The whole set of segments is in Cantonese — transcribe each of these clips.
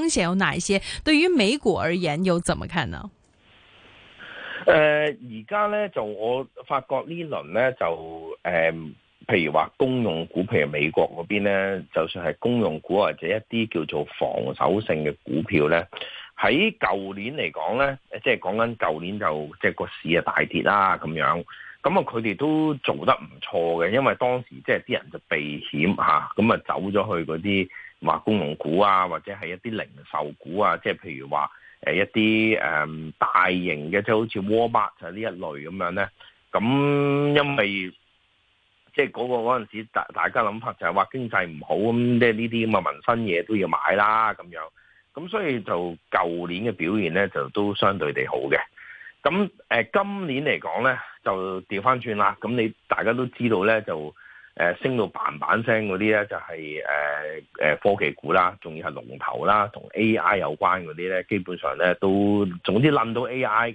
風險有哪一些？對於美股而言，又怎麼看呢？誒、呃，而家咧就我發覺這一輪呢輪咧就誒，譬、呃、如話公用股，譬如美國嗰邊咧，就算係公用股或者一啲叫做防守性嘅股票咧，喺舊年嚟講咧，即係講緊舊年就即係個市啊大跌啦咁樣，咁啊佢哋都做得唔錯嘅，因為當時即係啲人就避險吓，咁啊、嗯、就走咗去嗰啲。話工農股啊，或者係一啲零售股啊，即係譬如話誒一啲誒、嗯、大型嘅，即係好似沃爾瑪啊呢一類咁樣咧。咁因為即係嗰個嗰陣時大大家諗法就係話經濟唔好咁，即係呢啲咁嘅民生嘢都要買啦咁樣。咁所以就舊年嘅表現咧就都相對地好嘅。咁誒、呃、今年嚟講咧就調翻轉啦。咁你大家都知道咧就。誒升到板板聲嗰啲咧，就係誒科技股啦，仲要係龍頭啦，同 AI 有關嗰啲咧，基本上咧都總之冧到 AI 嘅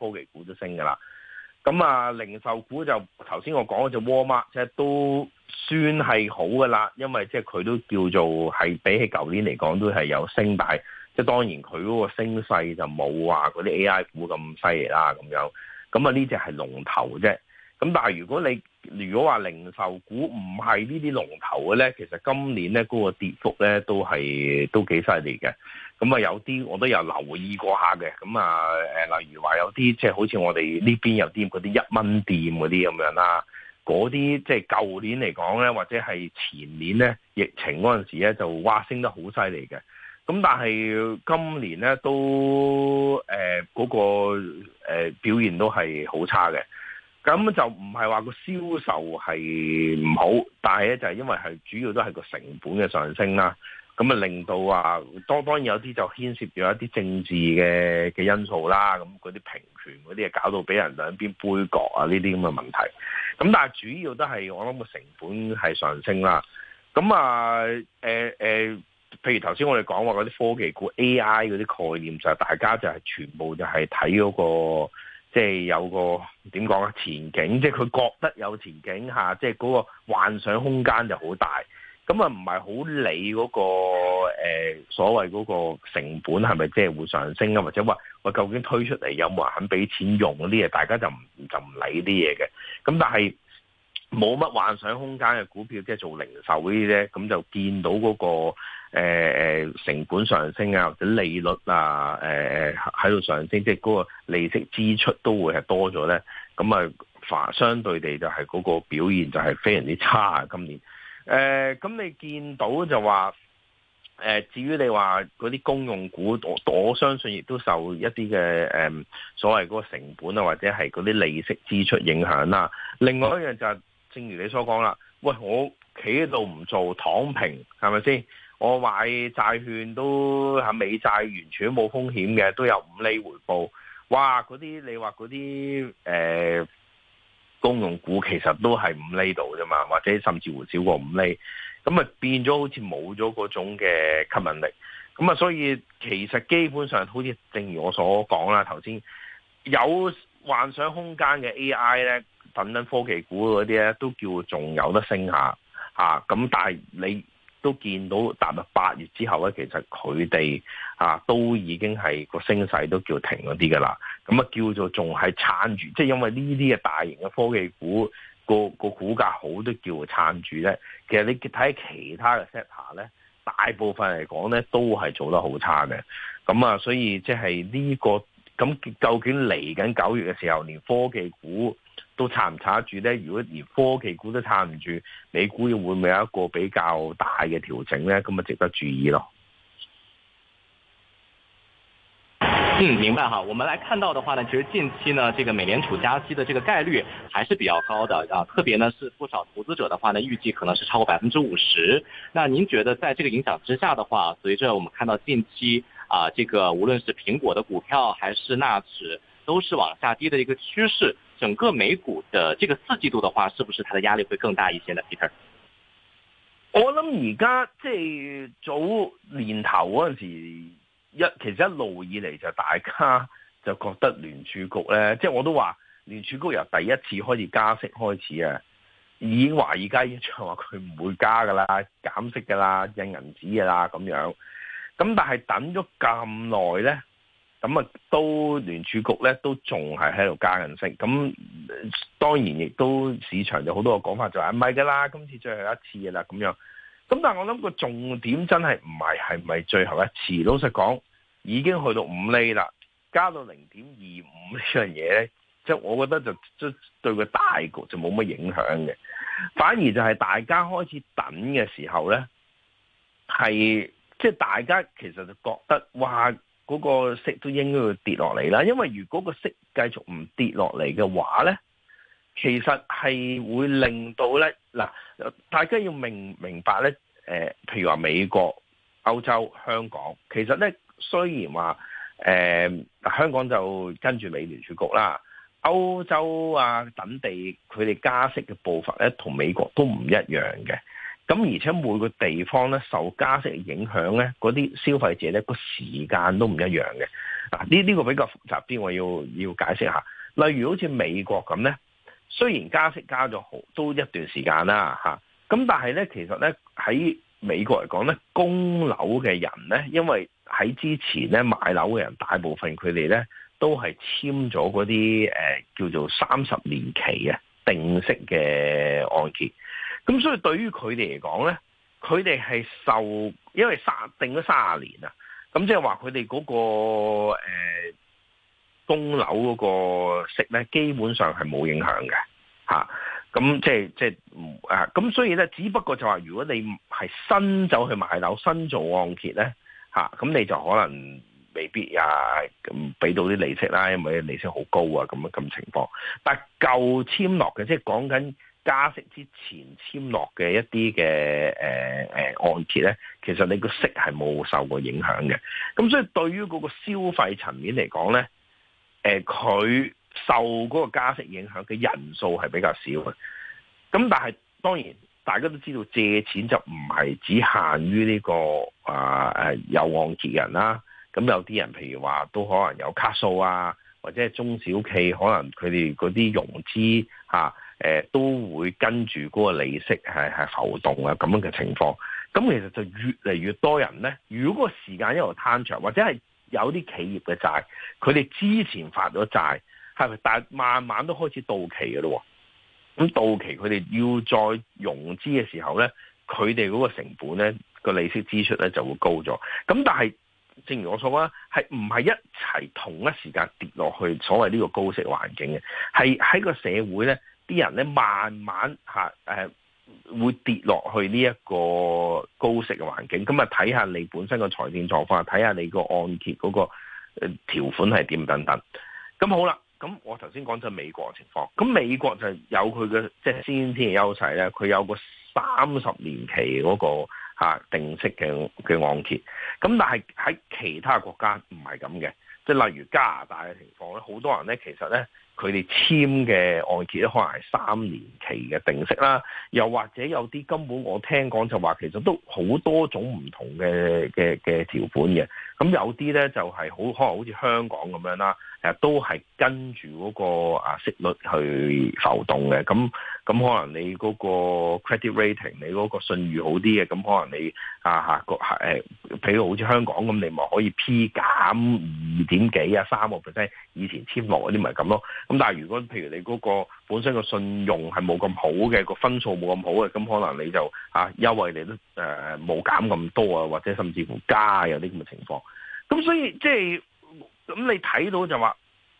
科技股都升噶啦。咁啊，零售股就頭先我講嗰隻 Walmart 即係都算係好噶啦，因為即係佢都叫做係比起舊年嚟講都係有升，大。即係當然佢嗰個升勢就冇話嗰啲 AI 股咁犀利啦咁樣。咁啊，呢隻係龍頭啫。咁但係如果你如果話零售股唔係呢啲龍頭嘅咧，其實今年咧嗰個跌幅咧都係都幾犀利嘅。咁啊有啲我都有留意過一下嘅。咁啊誒，例如話有啲即係好似我哋呢邊有啲嗰啲一蚊店嗰啲咁樣啦，嗰啲即係舊年嚟講咧，或者係前年咧疫情嗰陣時咧就哇升得好犀利嘅。咁但係今年咧都誒嗰、呃嗰個、呃、表現都係好差嘅。咁就唔係話個銷售係唔好，但係咧就係因為係主要都係個成本嘅上升啦，咁啊令到話多當然有啲就牽涉咗一啲政治嘅嘅因素啦，咁嗰啲平權嗰啲啊搞到俾人兩邊杯葛啊呢啲咁嘅問題，咁但係主要都係我諗個成本係上升啦，咁啊、呃呃、譬如頭先我哋講話嗰啲科技股 AI 嗰啲概念就大家就係全部就係睇嗰個。即係有個點講咧，前景即係佢覺得有前景嚇，即係嗰個幻想空間就好大。咁啊、那個，唔係好理嗰個誒所謂嗰個成本係咪即係會上升啊？或者話話究竟推出嚟有冇人肯俾錢用嗰啲嘢，大家就唔就唔理啲嘢嘅。咁但係。冇乜幻想空間嘅股票，即係做零售嗰啲咧，咁就見到嗰、那個誒誒、呃、成本上升啊，或者利率啊，誒喺度上升，即係嗰個利息支出都會係多咗咧。咁啊，反相對地就係嗰個表現就係非常之差啊！今年誒，咁、呃、你見到就話誒、呃，至於你話嗰啲公用股，我我相信亦都受一啲嘅誒所謂嗰個成本啊，或者係嗰啲利息支出影響啦。另外一樣就係、是。正如你所講啦，喂，我企喺度唔做躺平，係咪先？我買債券都美債，完全冇風險嘅，都有五厘回報。哇，嗰啲你話嗰啲誒公用股其實都係五厘度啫嘛，或者甚至乎少過五厘。咁啊，變咗好似冇咗嗰種嘅吸引力。咁啊，所以其實基本上好似正如我所講啦，頭先有幻想空間嘅 AI 咧。等等科技股嗰啲咧，都叫仲有得升下嚇。咁、啊、但係你都見到踏入八月之後咧，其實佢哋啊都已經係個升勢都叫停咗啲噶啦。咁啊叫做仲係撐住，即係因為呢啲嘅大型嘅科技股個個股價好都叫撐住咧。其實你睇其他嘅 sector 咧，大部分嚟講咧都係做得好差嘅。咁啊，所以即係呢個咁究竟嚟緊九月嘅時候，連科技股都撐唔撐得住呢？如果連科技股都撐唔住，美股又會唔會有一個比較大嘅調整呢？咁啊，值得注意咯。嗯，明白哈。我們來看到的話呢，其實近期呢，這個美聯儲加息的這個概率還是比較高的啊，特別呢是不少投資者的話呢，預計可能是超過百分之五十。那您覺得在這個影響之下的話，隨着我們看到近期啊，這個無論是蘋果的股票還是納指，都是往下跌的一個趨勢。整個美股嘅呢個四季度嘅話，是不是它的壓力會更大一些呢？Peter，我諗而家即係早年頭嗰陣時候一，其實一路以嚟就大家就覺得聯儲局咧，即係我都話聯儲局由第一次開始加息開始啊，已經話而家已經話佢唔會加噶啦，減息噶啦，印銀紙噶啦咁樣，咁但係等咗咁耐咧。咁啊，都聯儲局咧都仲係喺度加息，咁當然亦都市場有好多嘅講法，就是，就話唔係噶啦，今次最後一次噶啦咁樣。咁但係我諗個重點真係唔係係咪最後一次？老實講，已經去到五厘啦，加到零點二五呢樣嘢咧，即、就、係、是、我覺得就即對個大局就冇乜影響嘅，反而就係大家開始等嘅時候咧，係即係大家其實就覺得嘩！哇」嗰個息都應該會跌落嚟啦，因為如果個息繼續唔跌落嚟嘅話咧，其實係會令到咧嗱，大家要明明白咧，誒，譬如話美國、歐洲、香港，其實咧雖然話誒，香港就跟住美聯儲局啦，歐洲啊等地佢哋加息嘅步伐咧，同美國都唔一樣嘅。咁而且每個地方咧受加息影響咧，嗰啲消費者咧個時間都唔一樣嘅。啊，呢、呢、呢個比較複雜啲，我要要解釋下。例如好似美國咁咧，雖然加息加咗好都一段時間啦吓咁、啊、但係咧其實咧喺美國嚟講咧，供樓嘅人咧，因為喺之前咧買樓嘅人大部分佢哋咧都係簽咗嗰啲誒叫做三十年期啊定息嘅按揭。咁所以對於佢哋嚟講咧，佢哋係受因為三定咗三十年啊，咁即係話佢哋嗰個誒供樓嗰個息咧，基本上係冇影響嘅嚇。咁即係即係啊，咁、即係即係啊、所以咧，只不過就話如果你係新走去買樓、新做按揭咧嚇咁、啊、你就可能。未必呀、啊，咁俾到啲利息啦，因為利息好高啊，咁樣咁情況。但舊簽落嘅，即係講緊加息之前簽落嘅一啲嘅誒誒按揭咧，其實你個息係冇受過影響嘅。咁所以對於嗰個消費層面嚟講咧，佢、呃、受嗰個加息影響嘅人數係比較少嘅。咁但係當然，大家都知道借錢就唔係只限於呢、呢個啊、呃、有按揭嘅人啦。咁有啲人，譬如話，都可能有卡數啊，或者係中小企，可能佢哋嗰啲融資嚇、啊呃，都會跟住嗰個利息係係浮動啊咁樣嘅情況。咁其實就越嚟越多人咧。如果個時間一路攤長，或者係有啲企業嘅債，佢哋之前發咗債，係咪？但係慢慢都開始到期嘅咯、哦。咁到期佢哋要再融資嘅時候咧，佢哋嗰個成本咧，個利息支出咧就會高咗。咁但係，正如我所講，係唔係一齊同一時間跌落去所謂呢個高息環境嘅？係喺個社會咧，啲人咧慢慢嚇誒會跌落去呢一個高息嘅環境。咁啊，睇下你本身個財政狀況，睇下你個按揭嗰個條款係點等等。咁好啦，咁我頭先講咗美國嘅情況，咁美國就有佢嘅即係先天嘅優勢咧，佢有個三十年期嗰個。吓定息嘅嘅按揭，咁但係喺其他國家唔係咁嘅，即係例如加拿大嘅情況咧，好多人咧其實咧佢哋簽嘅按揭咧可能係三年期嘅定息啦，又或者有啲根本我聽講就話其實都好多種唔同嘅嘅嘅條款嘅。咁有啲咧就係、係、好可能好似香港咁樣啦，都係跟住嗰個啊息率去浮動嘅。咁咁可能你嗰個 credit rating 你嗰個信譽好啲嘅，咁可能你啊下譬、啊啊啊、如好似香港咁，你咪可以 P 減二點幾啊三個 percent，以前簽落嗰啲咪咁咯。咁但係如果譬如你嗰個本身個信用係冇咁好嘅，嗰個分數冇咁好嘅，咁可能你就啊優惠你都誒冇、啊、減咁多啊，或者甚至乎加有啲咁嘅情況。咁所以即係咁你睇到就話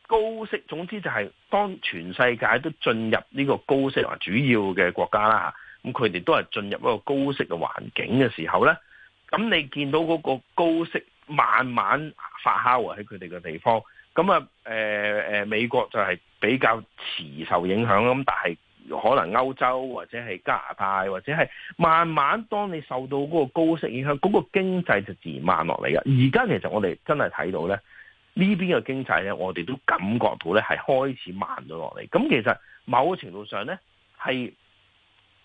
高息，總之就係當全世界都進入呢個高息啊，主要嘅國家啦吓，咁佢哋都係進入一個高息嘅環境嘅時候咧，咁你見到嗰個高息慢慢發酵喺佢哋嘅地方，咁啊，誒、呃、誒，美國就係比較遲受影響咁，但係，可能歐洲或者係加拿大或者係慢慢，當你受到嗰個高息影響，嗰個經濟就自然慢落嚟嘅。而家其實我哋真係睇到咧，呢邊嘅經濟咧，我哋都感覺到咧係開始慢咗落嚟。咁其實某個程度上咧係。是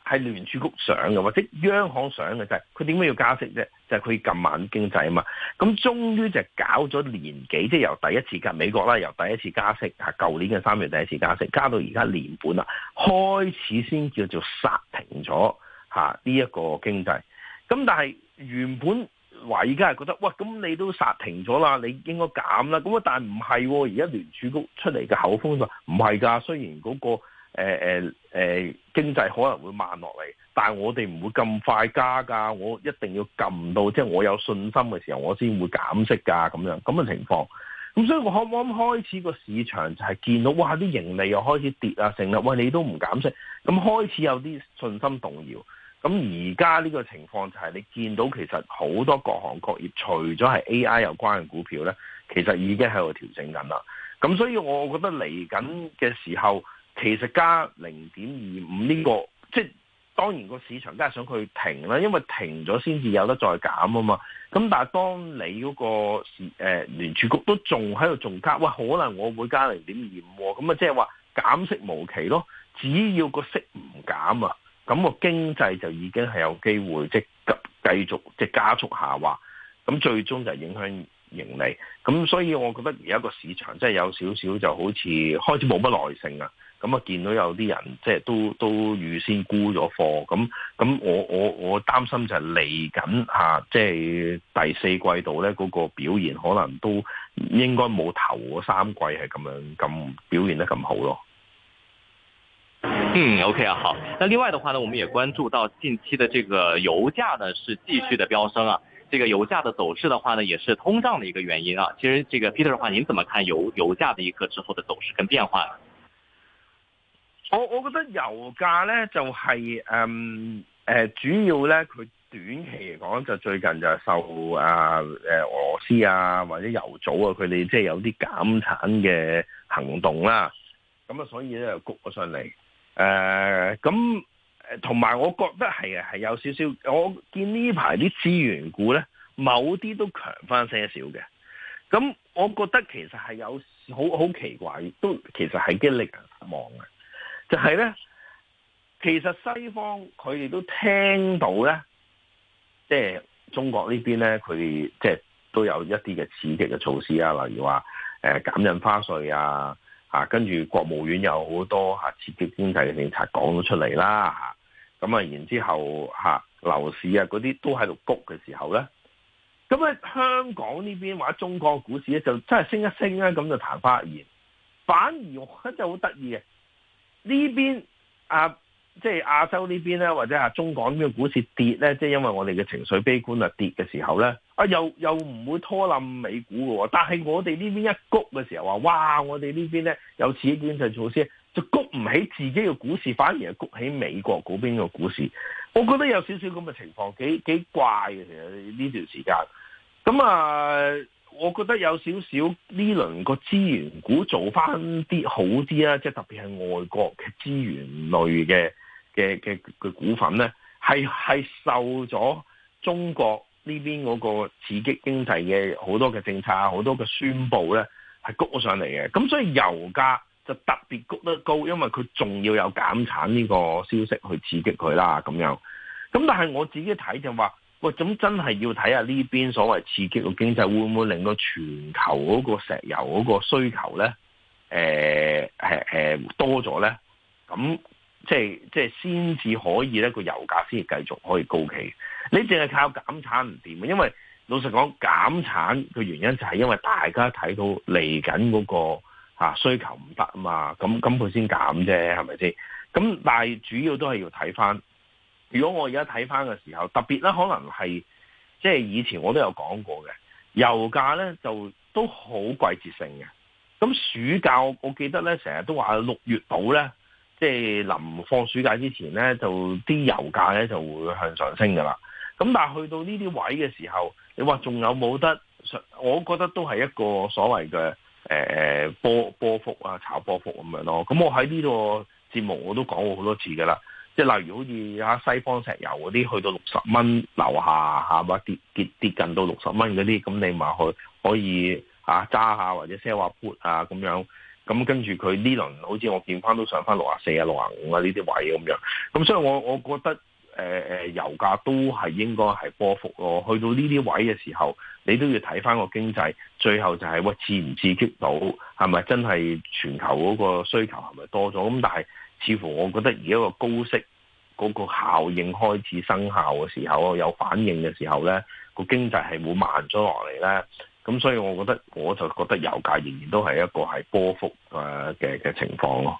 係聯儲局想嘅，或者央行想嘅就係佢點解要加息啫？就係佢撳慢經濟啊嘛。咁終於就搞咗年幾，即係由第一次加美國啦，由第一次加息啊，舊年嘅三月第一次加息，加到而家年半啦，開始先叫做殺停咗嚇呢一個經濟。咁但係原本話而家係覺得，喂，咁你都殺停咗啦，你應該減啦。咁啊，但係唔係喎，而家聯儲局出嚟嘅口風就唔係㗎。雖然嗰、嗰個。誒誒誒，經濟可能會慢落嚟，但係我哋唔會咁快加噶，我一定要撳到即係、就是、我有信心嘅時候我，我先會減息噶，咁樣咁嘅情況。咁所以我可唔可以開始個市場就係見到哇啲盈利又開始跌啊，成啦，喂你都唔減息，咁開始有啲信心動搖。咁而家呢個情況就係你見到其實好多各行各業除咗係 AI 有關嘅股票咧，其實已經喺度調整緊啦。咁所以我覺得嚟緊嘅時候。其實加零點二五呢個，即係當然個市場都係想佢停啦，因為停咗先至有得再減啊嘛。咁但係當你嗰個市誒，聯儲局都仲喺度仲加，喂，可能我會加零點二五，咁啊即係話減息無期咯。只要個息唔減啊，咁個經濟就已經係有機會即係繼繼續即係加速下滑，咁最終就影響盈利。咁所以我覺得而家個市場真係有少少就好似開始冇乜耐性啊。咁啊，見到有啲人即係都都預先沽咗貨，咁咁我我我擔心就係嚟緊嚇，即、啊、係、就是、第四季度咧嗰，那個表現可能都應該冇頭嗰三季係咁樣咁表現得咁好咯。嗯，OK 啊，好。那，嗯 okay, 另外的話呢，我們也關注到近期的這個油價呢，是繼續的飆升啊。這個油價的走勢的話呢，也是通脹的一個原因啊。其實這個 Peter 的話，您怎麼看油油價的一刻之後的走勢跟變化呢？我我覺得油價咧就係誒誒主要咧，佢短期嚟講就最近就係受啊誒、呃、俄羅斯啊或者油組啊佢哋即係有啲減產嘅行動啦，咁啊所以咧就谷咗上嚟誒咁誒同埋我覺得係啊，係有少少我見呢排啲資源股咧，某啲都強翻些少嘅，咁我覺得其實係有好好奇怪，都其實係啲令人失望嘅。就係咧，其實西方佢哋都聽到咧，即、就、係、是、中國這邊呢邊咧，佢哋即係都有一啲嘅刺激嘅措施啊，例如話誒減印花稅啊，嚇跟住國務院有好多嚇、啊、刺激經濟嘅政策講咗出嚟啦，咁啊然之後嚇樓、啊、市啊嗰啲都喺度谷嘅時候咧，咁咧香港呢邊或者中國股市咧就真係升一升咧、啊、咁就曇花一現，反而我覺得真係好得意嘅。呢邊啊，即係亞洲呢邊咧，或者啊中港呢個股市跌咧，即係因為我哋嘅情緒悲觀的啊，跌嘅時候咧，啊又又唔會拖冧美股嘅，但係我哋呢邊一谷嘅時候話，哇！我哋呢邊咧有刺激經濟措施，就谷唔起自己嘅股市，反而係谷起美國嗰邊嘅股市。我覺得有少少咁嘅情況，幾幾怪嘅其實呢段時間，咁啊。我覺得有少少呢輪個資源股做翻啲好啲啦，即係特別係外國嘅資源類嘅嘅嘅嘅股份咧，係係受咗中國呢邊嗰個刺激經濟嘅好多嘅政策、好多嘅宣佈咧，係谷咗上嚟嘅。咁所以油價就特別谷得高，因為佢仲要有減產呢個消息去刺激佢啦。咁樣咁，但係我自己睇就話。喂，咁真係要睇下呢邊所謂刺激個經濟會唔會令到全球嗰個石油嗰個需求咧？誒、欸欸，多咗咧？咁即係即係先至可以咧個油價先至繼續可以高企。你淨係靠減產唔掂啊！因為老實講，減產嘅原因就係因為大家睇到嚟緊嗰個、啊、需求唔得啊嘛。咁咁佢先減啫，係咪先？咁但係主要都係要睇翻。如果我而家睇翻嘅時候，特別咧，可能係即係以前我都有講過嘅，油價咧就都好季節性嘅。咁暑假我記得咧，成日都話六月度咧，即係臨放暑假之前咧，就啲油價咧就會向上升噶啦。咁但係去到呢啲位嘅時候，你話仲有冇得？我覺得都係一個所謂嘅、欸、波波幅啊，炒波幅咁樣咯。咁我喺呢個節目我都講過好多次噶啦。即係例如好似啊西方石油嗰啲，去到六十蚊樓下係嘛？跌跌跌，近到六十蚊嗰啲，咁你咪去可以啊揸下或者 sell 啊 put 啊咁樣，咁跟住佢呢輪好似我見翻都上翻六啊四啊六啊五啊呢啲位咁樣，咁所以我我覺得誒誒、呃、油價都係應該係波幅咯，去到呢啲位嘅時候，你都要睇翻個經濟，最後就係喂，刺唔刺激到係咪真係全球嗰個需求係咪多咗咁，咁但係。似乎我覺得而家個高息嗰個效應開始生效嘅時候，有反應嘅時候呢，個經濟係會慢咗落嚟呢。咁所以，我覺得我就覺得油價仍然都係一個係波幅啊嘅嘅情況咯。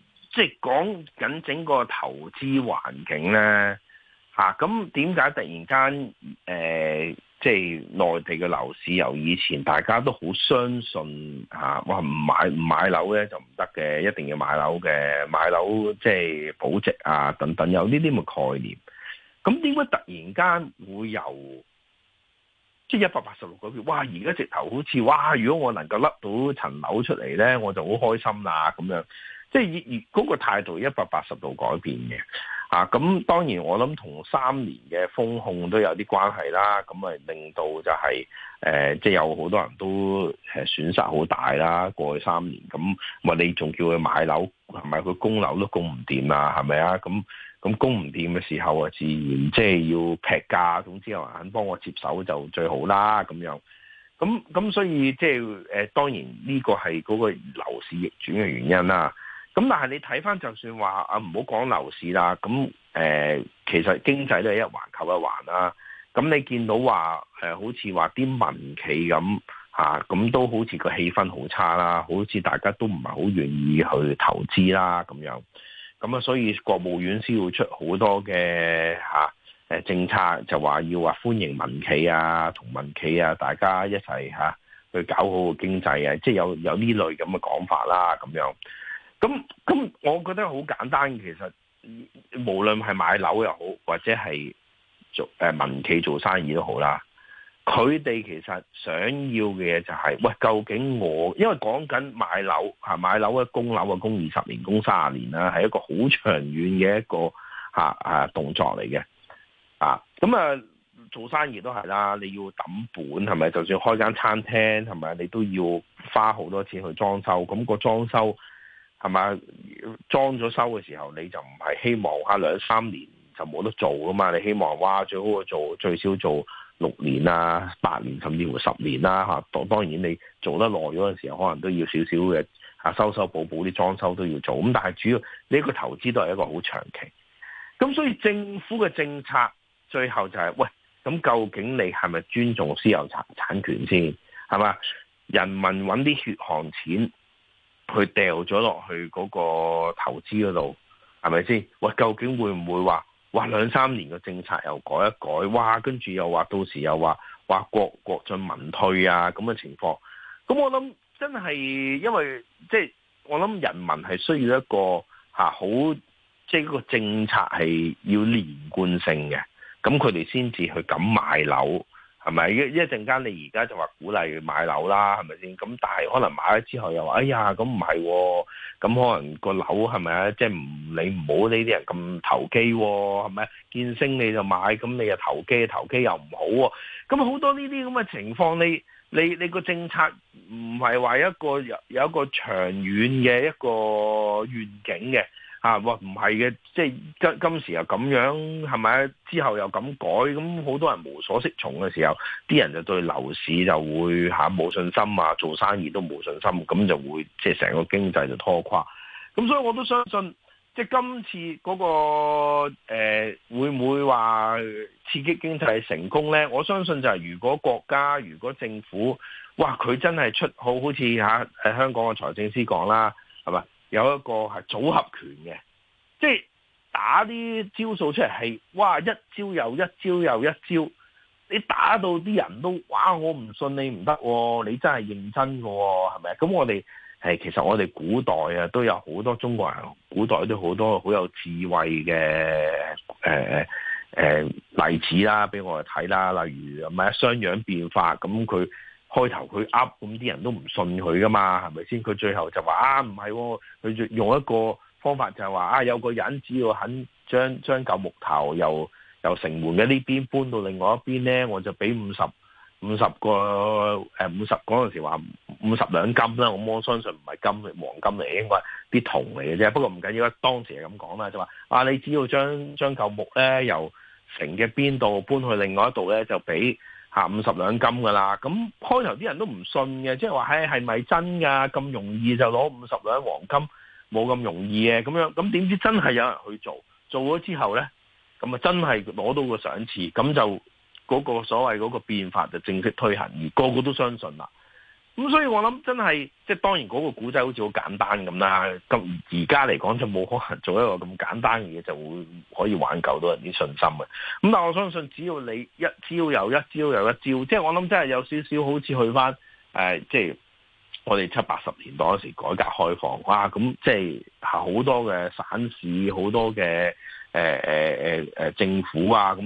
即係講緊整個投資環境咧，吓咁點解突然間誒，即係內地嘅樓市由以前大家都好相信吓、啊，哇唔買唔買樓咧就唔得嘅，一定要買樓嘅，買樓即係保值啊等等，有呢啲咁嘅概念。咁點解突然間會由即係一百八十六個月，哇！而家直頭好似哇，如果我能夠笠到層樓出嚟咧，我就好開心啦咁樣。即係越越個態度一百八十度改變嘅，啊咁當然我諗同三年嘅風控都有啲關係啦。咁啊令到就係、是、誒、呃，即係有好多人都誒損失好大啦。過去三年咁，咪你仲叫佢買樓，係咪？佢供樓都供唔掂啦，係咪啊？咁咁供唔掂嘅時候啊，自然即係要劈價。總之有人肯幫我接手就最好啦。咁樣咁咁，所以即係誒，當然呢個係嗰個樓市逆轉嘅原因啦。咁但係你睇翻，就算話啊唔好講樓市啦，咁誒、呃，其實經濟都係一環扣一環啦。咁你見到話誒，好似話啲民企咁吓，咁、啊、都好似個氣氛好差啦，好似大家都唔係好願意去投資啦咁樣。咁啊，所以國務院先會出好多嘅吓誒政策，就話要話歡迎民企啊同民企啊，大家一齊吓、啊、去搞好個經濟啊，即係有有呢類咁嘅講法啦，咁樣。咁咁，我覺得好簡單。其實無論係買樓又好，或者係做民企做生意都好啦。佢哋其實想要嘅嘢就係、是，喂，究竟我因為講緊買樓嚇，買樓嘅供樓嘅，供二十年、供三十年啦，係一個好長遠嘅一個嚇嚇動作嚟嘅。啊，咁啊，啊，做生意都係啦，你要揼本係咪？就算開間餐廳，係咪你都要花好多錢去裝修？咁個裝修。係嘛？裝咗修嘅時候，你就唔係希望啊，兩三年就冇得做噶嘛？你希望哇，最好我做最少做六年啊、八年甚至乎十年啦、啊、嚇、啊。當當然你做得耐嗰陣時候，可能都要少少嘅啊，修修補補啲裝修都要做。咁、嗯、但係主要呢個投資都係一個好長期。咁所以政府嘅政策最後就係、是、喂，咁究竟你係咪尊重私有產產權先？係嘛？人民搵啲血汗錢。佢掉咗落去嗰個投資嗰度，係咪先？喂究竟會唔會話哇？兩三年嘅政策又改一改，哇！跟住又話到時又話話國國進民退啊咁嘅情況，咁我諗真係因為即係我諗人民係需要一個吓、啊、好，即係個政策係要連貫性嘅，咁佢哋先至去敢買樓。係咪一一陣間？你而家就話鼓勵買樓啦，係咪先？咁但係可能買咗之後又話：哎呀，咁唔係，咁可能個樓係咪啊？即係唔你唔好呢啲人咁投機喎，係咪？見升你就買，咁你又投機，投機又唔好喎。咁好多呢啲咁嘅情況，你你你個政策唔係話一個有有一個長遠嘅一個願景嘅。啊！唔係嘅，即係今今時又咁樣，係咪？之後又咁改，咁好多人無所適從嘅時候，啲人就對樓市就會吓冇、啊、信心啊！做生意都冇信心，咁就會即係成個經濟就拖垮。咁所以我都相信，即係今次嗰、嗰個誒、呃、會唔會話刺激經濟成功咧？我相信就係如果國家如果政府，哇！佢真係出好好似、啊、香港嘅財政司講啦，係咪？有一個係組合拳嘅，即係打啲招數出嚟係，哇！一招又一招又一招，你打到啲人都，哇！我唔信你唔得喎，你真係認真嘅喎，係咪？咁我哋其實我哋古代啊，都有好多中國人，古代都好多好有智慧嘅、呃呃、例子啦，俾我哋睇啦。例如唔係雙樣變化，咁佢。開頭佢噏，咁啲人都唔信佢噶嘛，係咪先？佢最後就話啊，唔係、哦，佢用一個方法就係話啊，有個人只要肯將將舊木頭由由城門嘅呢邊搬到另外一邊咧，我就俾五十五十個誒五十嗰陣時話五十兩金啦。我摩相信唔係金，黃金嚟，應該啲銅嚟嘅啫。不過唔緊要啦，當時係咁講啦，就話啊，你只要將將舊木咧由城嘅邊度搬去另外一度咧，就俾。吓五十兩金噶啦，咁開頭啲人都唔信嘅，即係話係係咪真噶？咁容易就攞五十兩黃金，冇咁容易嘅，咁樣咁點知真係有人去做，做咗之後咧，咁啊真係攞到個賞賜，咁就嗰個所謂嗰個變法就正式推行，而個個都相信啦。咁所以我諗真係，即係當然嗰個古仔好似好簡單咁啦。咁而家嚟講就冇可能做一個咁簡單嘅嘢，就會可以挽救到人啲信心嘅。咁但係我相信，只要你一招又一招又一招，即係我諗真係有少少好似去翻誒、呃，即係我哋七八十年代嗰時改革開放啊，咁即係好多嘅省市，好多嘅誒誒誒誒政府啊，咁、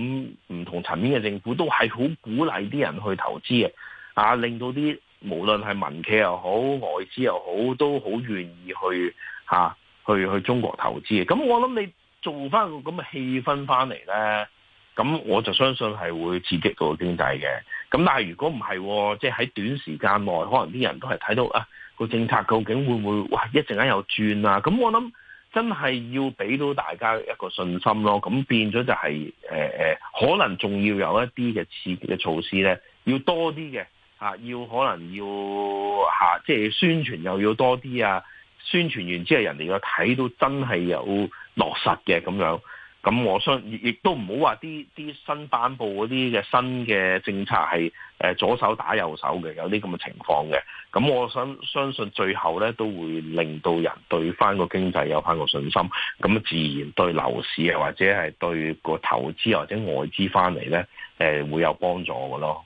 嗯、唔同層面嘅政府都係好鼓勵啲人去投資啊，令到啲。無論係民企又好，外資又好，都好願意去、啊、去去中國投資嘅。咁我諗你做翻個咁嘅氣氛翻嚟咧，咁我就相信係會刺激個經濟嘅。咁但係如果唔係，即係喺短時間內，可能啲人都係睇到啊個政策究竟會唔會哇一陣間又轉啊？咁我諗真係要俾到大家一個信心咯。咁變咗就係、是呃、可能仲要有一啲嘅刺激嘅措施咧，要多啲嘅。啊！要可能要吓、啊，即係宣傳又要多啲啊！宣傳完之後，人哋要睇到真係有落實嘅咁樣。咁我相亦都唔好話啲啲新頒布嗰啲嘅新嘅政策係誒左手打右手嘅，有啲咁嘅情況嘅。咁我想相，相信最後咧都會令到人對翻個經濟有翻個信心，咁自然對樓市啊或者係對個投資或者外資翻嚟咧誒會有幫助嘅咯。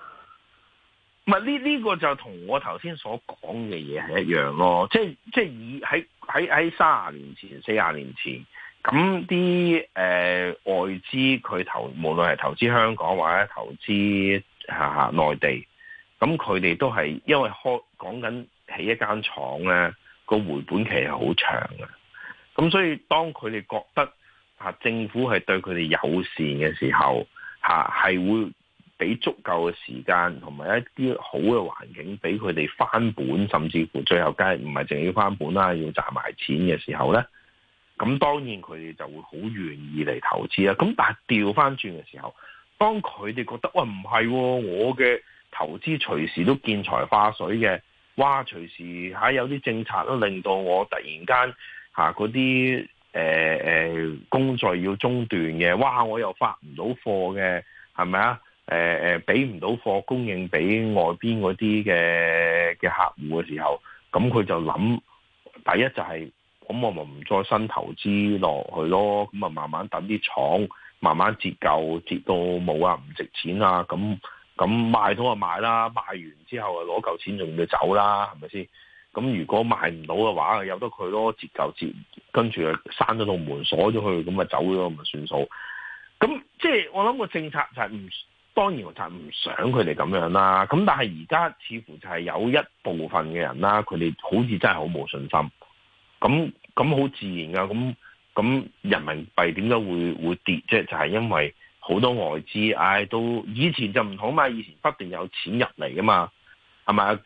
呢？呢、這個就同我頭先所講嘅嘢係一樣咯。即係即係以喺喺喺三十年前、四十年前，咁啲誒外資佢投，無論係投資香港或者投資嚇內地，咁佢哋都係因為開講緊起一間廠咧，個回本期係好長嘅。咁所以當佢哋覺得啊政府係對佢哋友善嘅時候，嚇、啊、係會。俾足夠嘅時間同埋一啲好嘅環境，俾佢哋翻本，甚至乎最後梗係唔係淨要翻本啦，要賺埋錢嘅時候咧，咁當然佢哋就會好願意嚟投資啦。咁但係調翻轉嘅時候，當佢哋覺得喂，唔係喎，我嘅投資隨時都見財化水嘅，哇隨時嚇、啊、有啲政策都令到我突然間嚇嗰啲誒誒工作要中斷嘅，哇我又發唔到貨嘅，係咪啊？誒誒，俾唔到貨供應俾外邊嗰啲嘅嘅客戶嘅時候，咁佢就諗，第一就係、是，咁我咪唔再新投資落去咯，咁啊慢慢等啲廠慢慢折舊，折到冇啊唔值錢啊，咁咁賣到就賣啦，賣完之後啊攞夠錢仲要走啦，係咪先？咁如果賣唔到嘅話，由得佢咯，折舊折，跟住啊閂咗道門鎖咗佢，咁咪走咗咪算數？咁即係我諗個政策就係唔。當然我就唔想佢哋咁樣啦，咁但係而家似乎就係有一部分嘅人啦，佢哋好似真係好冇信心，咁咁好自然㗎，咁咁人民幣點解會會跌啫？就係、是、因為好多外資，唉、哎，都以前就唔同嘛，以前不斷有錢入嚟㗎嘛，係咪啊？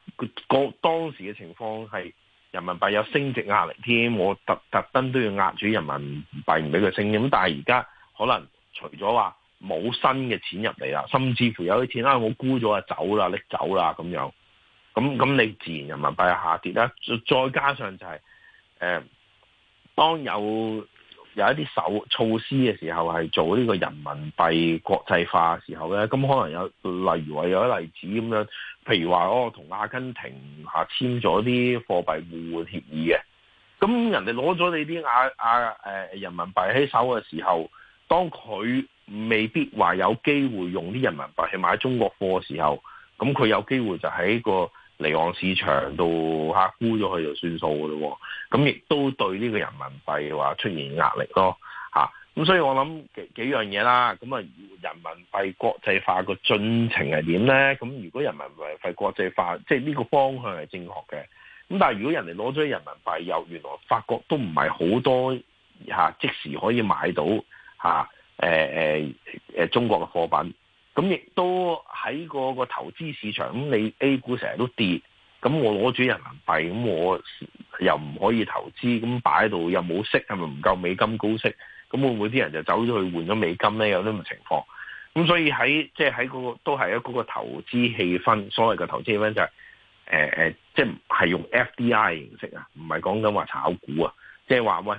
個當時嘅情況係人民幣有升值壓力添，我特特登都要壓住人民幣唔俾佢升，咁但係而家可能除咗話。冇新嘅錢入嚟啦，甚至乎有啲錢啦、啊、我沽咗啊走啦，拎走啦咁樣，咁咁你自然人民幣下跌啦。再加上就係、是、誒、呃，當有有一啲手措施嘅時候，係做呢個人民幣國際化嘅時候咧，咁可能有例如話有一例子咁樣，譬如話我同阿根廷下簽咗啲貨幣互換協議嘅，咁人哋攞咗你啲啊啊誒人民幣喺手嘅時候，當佢。未必話有機會用啲人民幣去買中國貨嘅時候，咁佢有機會就喺個離岸市場度嚇沽咗佢就算數嘅咯。咁亦都對呢個人民幣嘅話出現壓力咯。咁所以我諗幾幾樣嘢啦。咁啊，人民幣國際化個進程係點咧？咁如果人民幣國際化，即係呢個方向係正確嘅。咁但係如果人哋攞咗人民幣，又原來法國都唔係好多，啊，即時可以買到，啊。誒誒誒，中國嘅貨品，咁亦都喺個投資市場，咁你 A 股成日都跌，咁我攞住人民幣，咁我又唔可以投資，咁擺喺度又冇息，係咪唔夠美金高息？咁會唔會啲人就走咗去換咗美金咧？有啲咁嘅情況，咁所以喺即係喺嗰個都係一個個投資氣氛，所謂嘅投資氣氛就係誒誒，即係係用 F D I 形式啊，唔係講緊話炒股啊，即係話喂。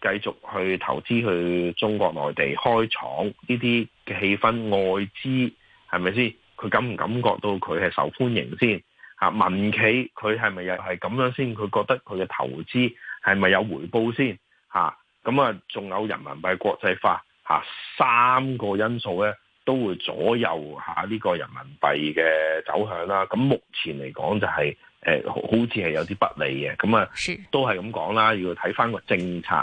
繼續去投資去中國內地開廠呢啲嘅氣氛，外資係咪先？佢感唔感覺到佢係受歡迎先？嚇，民企佢係咪又係咁樣先？佢覺得佢嘅投資係咪有回報先？嚇，咁啊，仲有人民幣國際化、啊、三個因素咧都會左右下呢、啊呢個人民幣嘅走向啦。咁、啊、目前嚟講就係、係呃、好似係有啲不利嘅，咁啊都係咁講啦，要睇翻個政策。